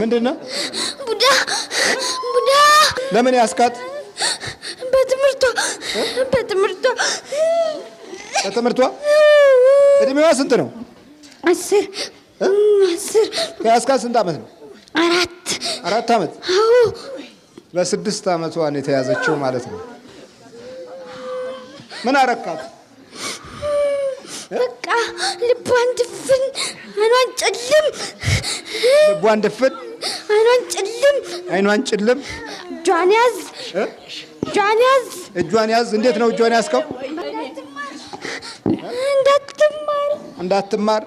ምንድን ነው? ቡዳ ቡዳ። ለምን ያስካት? በትምህርቷ በትምህርቷ በትምህርቷ። እድሜዋ ስንት ነው? አስር አስር። ከያስካት ስንት ዓመት ነው? አራት አራት ዓመት። አዎ በስድስት ዓመቷ ነው የተያዘችው ማለት ነው። ምን አረካት? በቃ ልቧን ድፍን፣ አይኗን ጨልም፣ ልቧን ድፍን አይኗን ጭልም አይኗን ጭልም። እጇን ያዝ እጇን ያዝ እጇን ያዝ። እንዴት ነው እጇን ያዝከው? እንዳትማር እንዳትማር።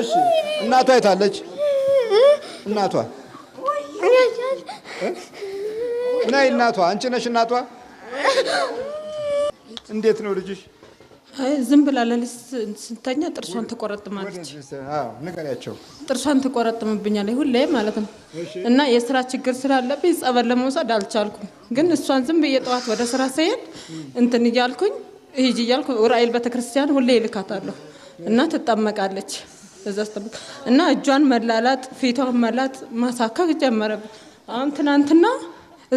እሺ እናቷ አይታለች እናቷ ምን እናቷ? አንቺ ነሽ እናቷ? እንዴት ነው ልጅሽ? ዝም ብላ ለሊት ስተኛ ጥርሷን ተቆረጥማለች። ንገሪያቸው ጥርሷን ተቆረጥምብኛለች ሁሌ ማለት ነው። እና የስራ ችግር ስላለብኝ ጸበል ለመውሰድ አልቻልኩም። ግን እሷን ዝም ብዬ ጠዋት ወደ ስራ ስሄድ እንትን እያልኩኝ ሂጂ እያልኩ ራኤል ቤተክርስቲያን ሁሌ ይልካታለሁ እና ትጠመቃለች። እና እጇን መላላጥ፣ ፊቷን መላጥ ማሳከክ ጀመረብኝ። አሁን ትናንትና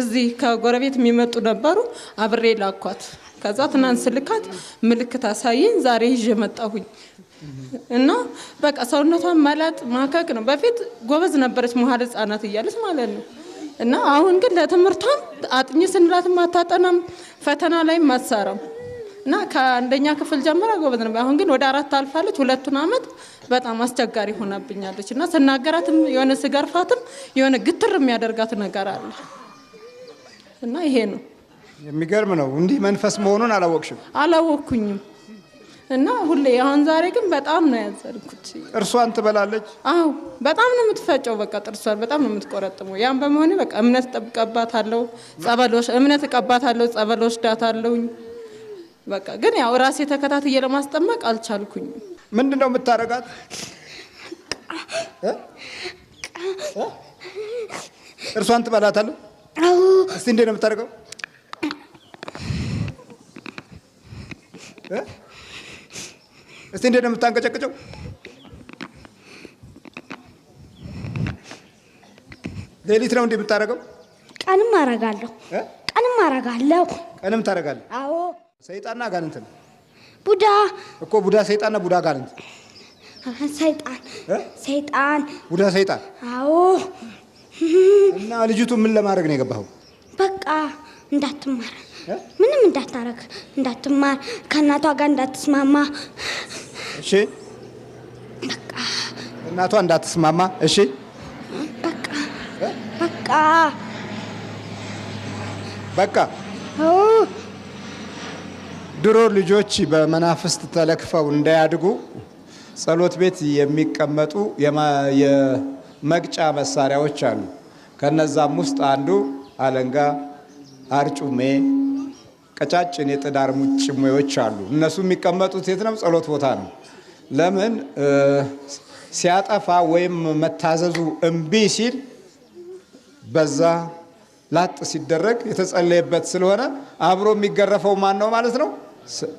እዚህ ከጎረቤት የሚመጡ ነበሩ አብሬ ላኳት ከዛ ትናንት ስልካት ምልክት አሳየኝ ዛሬ ይዤ መጣሁኝ እና በቃ ሰውነቷን መላጥ ማከክ ነው። በፊት ጎበዝ ነበረች መሀል ህጻናት እያለች ማለት ነው። እና አሁን ግን ለትምህርቷም አጥኚ ስንላት ማታጠናም ፈተና ላይ ማትሰራም እና ከአንደኛ ክፍል ጀምራ ጎበዝ ነበር። አሁን ግን ወደ አራት አልፋለች። ሁለቱን አመት በጣም አስቸጋሪ ሆናብኛለች እና ስናገራትም የሆነ ስገርፋትም የሆነ ግትር የሚያደርጋት ነገር አለ እና ይሄ ነው የሚገርም ነው። እንዲህ መንፈስ መሆኑን አላወቅሽም? አላወቅኩኝም። እና ሁሌ አሁን ዛሬ ግን በጣም ነው ያዘንኩት። እርሷን ትበላለች። አዎ በጣም ነው የምትፈጨው። በቃ ጥርሷን በጣም ነው የምትቆረጥመው። ያም በመሆኔ በቃ እምነት እጠብቀባታለሁ፣ ጸበል እምነት እቀባታለሁ፣ ጸበል ወስዳታለሁኝ። በቃ ግን ያው ራሴ ተከታትዬ ለማስጠመቅ አልቻልኩኝም። ምንድን ነው የምታረጋት? እርሷን ትበላታለህ? እስቲ እንዴ ነው የምታደርገው? እስቲ እንዴት ነው የምታንቀጨቅጨው? ሌሊት ነው እንዴ የምታደርገው? ቀንም አረጋለሁ። ቀንም አረጋለሁ። ቀንም ታረጋለህ? አዎ። ሰይጣንና አጋንንት ነው። ቡዳ እኮ ቡዳ ሰይጣንና ቡዳ አጋንንት። ሰይጣን ሰይጣን፣ ቡዳ ሰይጣን። አዎ። እና ልጅቱ ምን ለማድረግ ነው የገባኸው? በቃ እንዳትማረን ምንም እንዳታረግ፣ እንዳትማር፣ ከእናቷ ጋር እንዳትስማማ። እሺ በቃ እናቷ እንዳትስማማ። እሺ በቃ በቃ በቃ። ድሮ ልጆች በመናፍስት ተለክፈው እንዳያድጉ ጸሎት ቤት የሚቀመጡ የመግጫ መሳሪያዎች አሉ። ከነዛም ውስጥ አንዱ አለንጋ፣ አርጩሜ ቀጫጭን የጥዳር ጭሞዎች አሉ። እነሱ የሚቀመጡት የት ነው? ጸሎት ቦታ ነው። ለምን ሲያጠፋ ወይም መታዘዙ እምቢ ሲል በዛ ላጥ ሲደረግ የተጸለየበት ስለሆነ አብሮ የሚገረፈው ማን ነው ማለት ነው?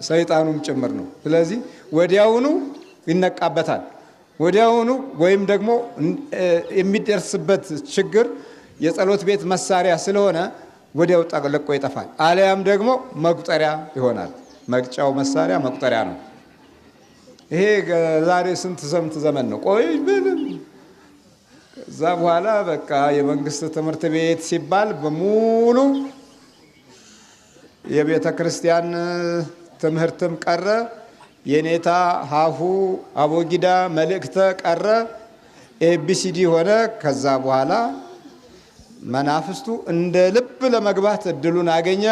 ሰይጣኑም ጭምር ነው። ስለዚህ ወዲያውኑ ይነቃበታል። ወዲያውኑ ወይም ደግሞ የሚደርስበት ችግር የጸሎት ቤት መሳሪያ ስለሆነ ወዲያው ለቆ ይጠፋል። አለያም ደግሞ መቁጠሪያ ይሆናል። መቅጫው መሳሪያ መቁጠሪያ ነው። ይሄ ዛሬ ስንት ስንት ዘመን ነው ቆይ ምንም። ከዛ በኋላ በቃ የመንግስት ትምህርት ቤት ሲባል በሙሉ የቤተ ክርስቲያን ትምህርትም ቀረ። የኔታ ሀሁ አቦጊዳ መልእክተ ቀረ። ኤቢሲዲ ሆነ። ከዛ በኋላ መናፍስቱ እንደ ልብ ለመግባት እድሉን አገኘ።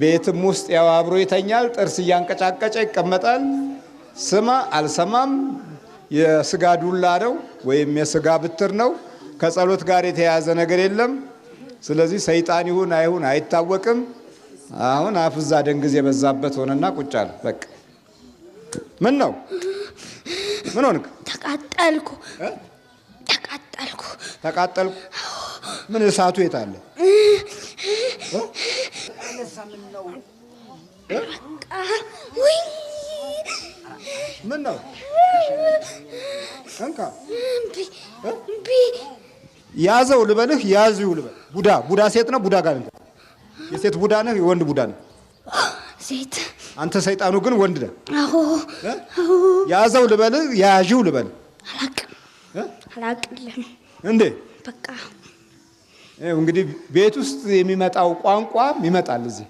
ቤትም ውስጥ ያው አብሮ ይተኛል። ጥርስ እያንቀጫቀጨ ይቀመጣል። ስማ አልሰማም። የስጋ ዱላ ነው ወይም የስጋ ብትር ነው። ከጸሎት ጋር የተያያዘ ነገር የለም። ስለዚህ ሰይጣን ይሁን አይሁን አይታወቅም። አሁን አፍዛ ደንግዝ የበዛበት ሆነና ቁጭ አለ። በቃ ምን ነው ምን ሆንክ? ተቃጠልኩ ተቃጠልኩ ተቃጠልኩ ምን እሳቱ የት አለ? ምን ነው እንካ ያዘው ልበልህ፣ ያዝው ልበል። ቡዳ ቡዳ ሴት ነው። ቡዳ ጋር የሴት ቡዳ ነህ፣ የወንድ ቡዳ ነህ። ሴት አንተ፣ ሰይጣኑ ግን ወንድ ነህ። ያዘው ልበልህ፣ ያዥው ልበል። አላቅም፣ አላቅልም። እንዴ በቃ እንግዲህ ቤት ውስጥ የሚመጣው ቋንቋም ይመጣል እዚህ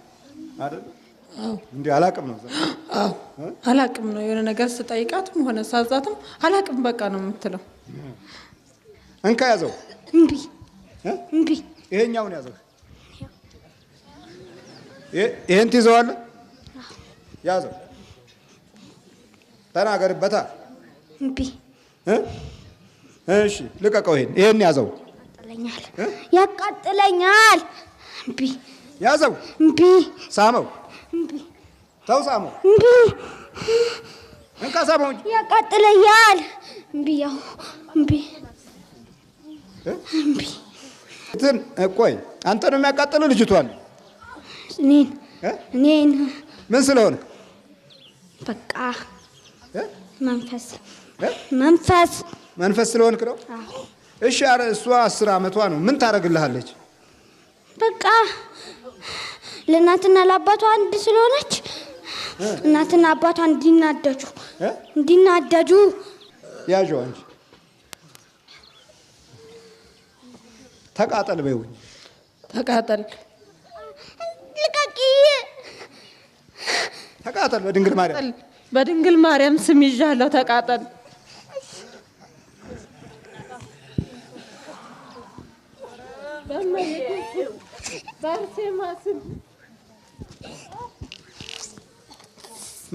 እንዲህ አላቅም ነው አላቅም ነው የሆነ ነገር ስጠይቃትም ሆነ ሳዛትም አላቅም በቃ ነው የምትለው። እንካ ያዘው እንዲ ይሄኛውን ያዘው ይሄን ትይዘዋለ ያዘው ተናገርበታ። እሺ፣ ልቀቀው። ይሄን ይሄን ያዘው ያቃጥለኛል ያቃጥለኛል። እምቢ ያዘው፣ እምቢ ሳመው፣ እምቢ ተው፣ ሳመው፣ እምቢ እንካ፣ ሳመው እንጂ ያቃጥለኛል። እምቢ ያው እምቢ እምቢ እንትን ቆይ፣ አንተ ነው የሚያቃጥለው ልጅቷን? እኔን እኔን ምን ስለሆነ በቃ መንፈስ መንፈስ መንፈስ ስለሆንክ ነው። እሺ፣ አረ እሷ አስር አመቷ ነው። ምን ታደርግልሃለች? በቃ ለእናትና ለአባቷ አንድ ስለሆነች እናትና አባቷ እንዲናደጁ እንዲናደጁ ያዥዋ እንጂ ተቃጠል በይው። ተቃጠል ልቀቂ። ተቃጠል በድንግል ማርያም በድንግል ማርያም ስም ይዣለሁ። ተቃጠል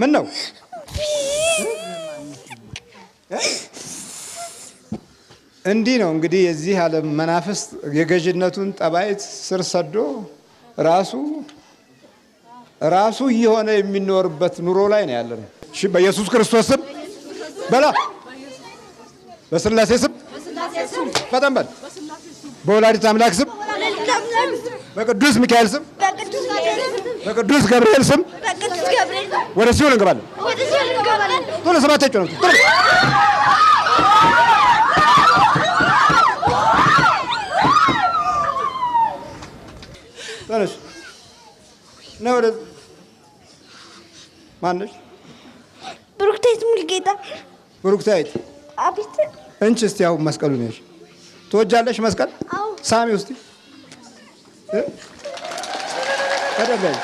ምን ነው እንዲህ ነው እንግዲህ የዚህ ዓለም መናፍስት የገዥነቱን ጠባይት ስር ሰዶ ራሱ ራሱ እየሆነ የሚኖርበት ኑሮ ላይ ነው ያለ እሺ፣ በኢየሱስ ክርስቶስ ስም በላ፣ በስላሴ ስም በጣም በል በወላዲት አምላክ ስም፣ በቅዱስ ሚካኤል ስም፣ በቅዱስ ገብርኤል ስም ወደ ሲኦል እንገባለን። ቶሎ ሰባታችሁ ነው። ቶሎ ተነሽ ነው ወደ ማነሽ? ብሩክታይት ሙልጌታ። ብሩክታይት። አቤት። እንቺ እስቲ ያው መስቀሉ ነሽ ትወጃለሽ መስቀል? ሳሚ ውስጥ ተደበይ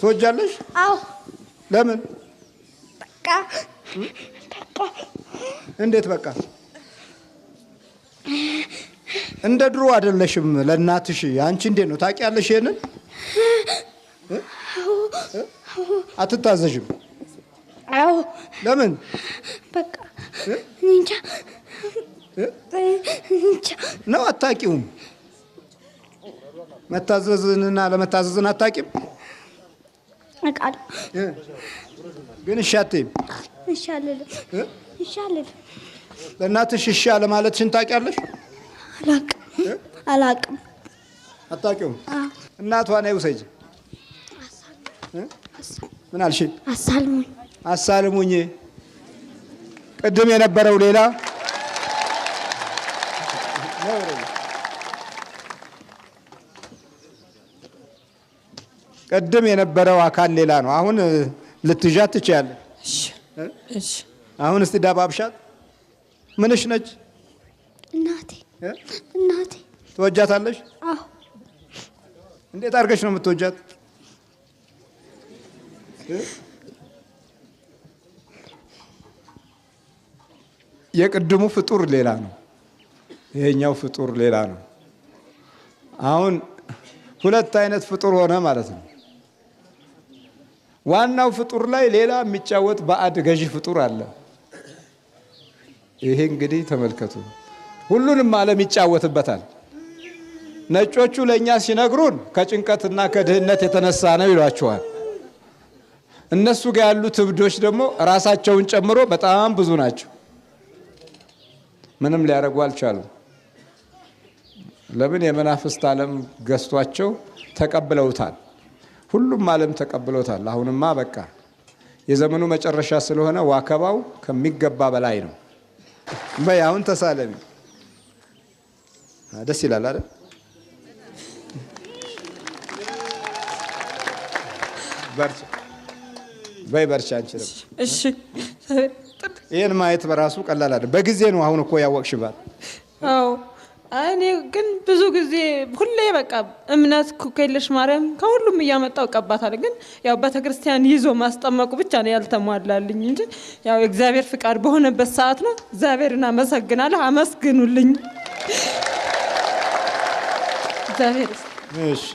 ትወጃለሽ? አዎ። ለምን? በቃ በቃ። እንዴት በቃ? እንደ ድሮ አይደለሽም ለእናትሽ። አንቺ እንዴት ነው ታውቂያለሽ? ይሄንን አትታዘዥም? አዎ። ለምን? በቃ ነው አታቂውም? መታዘዝንና ለመታዘዝን አታቂም? ግን እሺ አትይም? ለእናትሽ እሺ አለ ማለትሽን ታውቂያለሽ? አላቅም። ምን አሳልሙኝ አሳልሙኝ ቅድም የነበረው ሌላ ቅድም የነበረው አካል ሌላ ነው። አሁን ልትዣት ትችያለ። አሁን እስቲ ዳባብሻት። ምንሽ ነች? እናቴ እናቴ። ትወጃታለሽ? እንዴት አድርገሽ ነው የምትወጃት? የቅድሙ ፍጡር ሌላ ነው፣ ይሄኛው ፍጡር ሌላ ነው። አሁን ሁለት አይነት ፍጡር ሆነ ማለት ነው። ዋናው ፍጡር ላይ ሌላ የሚጫወት ባዕድ ገዢ ፍጡር አለ። ይሄ እንግዲህ ተመልከቱ፣ ሁሉንም ዓለም ይጫወትበታል። ነጮቹ ለእኛ ሲነግሩን ከጭንቀትና ከድህነት የተነሳ ነው ይሏቸዋል። እነሱ ጋር ያሉት እብዶች ደግሞ ራሳቸውን ጨምሮ በጣም ብዙ ናቸው። ምንም ሊያደርጉ አልቻሉ? ለምን? የመናፍስት ዓለም ገዝቷቸው ተቀብለውታል። ሁሉም ዓለም ተቀብለውታል አሁንማ በቃ የዘመኑ መጨረሻ ስለሆነ ዋከባው ከሚገባ በላይ ነው። በይ አሁን ተሳለሚ። ደስ ይላል አይደል? በርቻ በይ በርቻ። አንችልም። እሺ ይህን ማየት በራሱ ቀላል አይደለም። በጊዜ ነው አሁን እኮ ያወቅሽባል። አዎ እኔ ግን ብዙ ጊዜ ሁሌ በቃ እምነት ኩኬልሽ ማርያም ከሁሉም እያመጣው ቀባታል። ግን ያው ቤተክርስቲያን ይዞ ማስጠመቁ ብቻ ነው ያልተሟላልኝ እንጂ ያው እግዚአብሔር ፍቃድ በሆነበት ሰዓት ነው። እግዚአብሔርን አመሰግናለሁ። አመስግኑልኝ እግዚአብሔር። እሺ